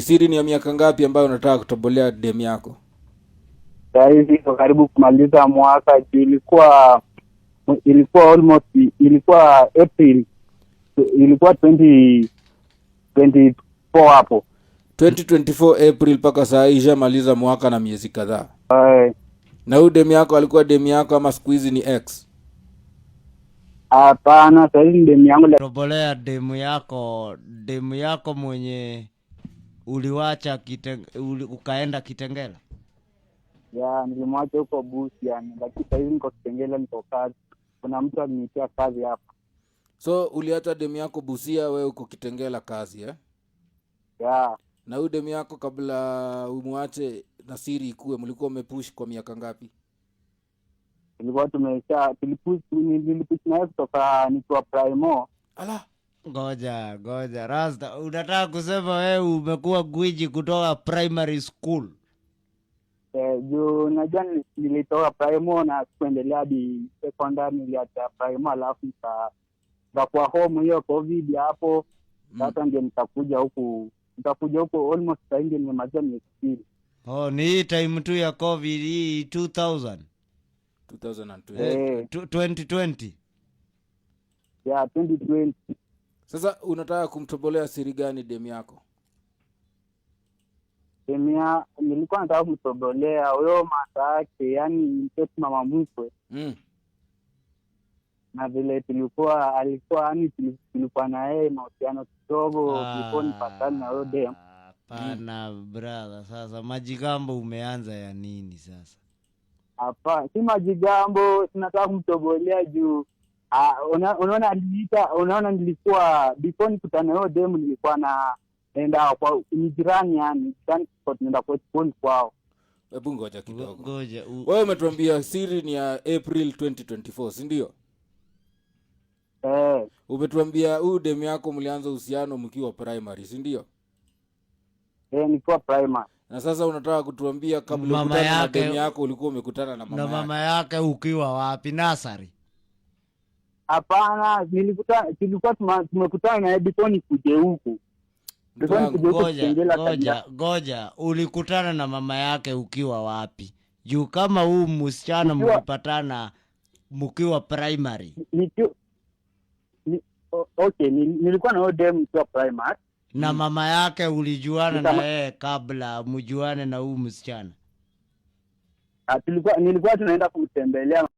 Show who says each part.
Speaker 1: Siri ni ya miaka ngapi ambayo unataka kutobolea dem yako?
Speaker 2: Saa hizi iko karibu kumaliza mwaka ilikuwa ilikuwa almost ilikuwa April ilikuwa 20 24 hapo
Speaker 1: 2024 April mpaka saa hii ishamaliza mwaka na miezi kadhaa. Na huyu dem yako alikuwa dem yako ama siku hizi ni ex?
Speaker 2: Hapana, saa hizi ni dem yangu.
Speaker 3: Tobolea demu yako demu yako mwenye uliwacha kiteng, uli, ukaenda Kitengela? Ya, nilimwacha huko Busi yani, lakini sahizi niko Kitengela, niko kazi. Kuna mtu alinitia kazi hapa. So uliacha demu yako Busia, wewe uko Kitengela kazi eh? Ya. Na huyu demu yako kabla umwache Nasiri ikue, mlikuwa umepush kwa miaka ngapi? Tulikuwa tumesha tulipush, nilipush naye kutoka nikiwa Primo. Ala Ngoja ngoja, Rasta, unataka kusema wewe umekuwa gwiji kutoka primary school? Eh, juu najua nilitoka primo na kuendelea hadi sekondari, niliacha primo alafu nikakuwa home hiyo covid hapo mm. sasa, ndio nitakuja huku nitakuja huku almost saa hii ndio nimemaliza miezi Oh, ni hii time tu ya covid hii 2000 2020 eh, 2020 yeah 2020 sasa unataka kumtobolea siri gani demu yako? Demia, nilikuwa nataka kumtobolea huyo mata yake, yani mtoto mama mkwe mm. na vile tulikuwa alikuwa yani tulikuwa na yeye mahusiano kidogo ah, nipatani na huyo demu. Hapana mm. brother, sasa majigambo umeanza ya nini sasa? Hapa si majigambo, tunataka kumtobolea juu Ah, una, unaona aliita, unaona nilikuwa before nikutana huyo demu nilikuwa na naenda kwa ni jirani, yani jirani, tunaenda kwa chikoni kwao. Hebu ngoja kidogo, wewe, umetuambia siri ni ya April 2024 si ndio? Eh, umetuambia huyu demu yako mlianza uhusiano mkiwa primary si ndio? Eh, nikiwa primary na sasa unataka kutuambia kabla mama yake, na demu yako ulikuwa umekutana na mama, na mama yake, yake ukiwa wapi nasari Hapana, tulikuwa tumekutana na diponi kuje huku. Goja, goja, ngoja, ulikutana na mama yake ukiwa wapi? Juu kama huu msichana mlipatana mkiwa primary. Nitu, okay, nilikuwa na ode mkiwa primary. Na hmm. mama yake ulijuana na yeye kabla mjuane na huu msichana? Ah, nilikuwa tunaenda kumtembelea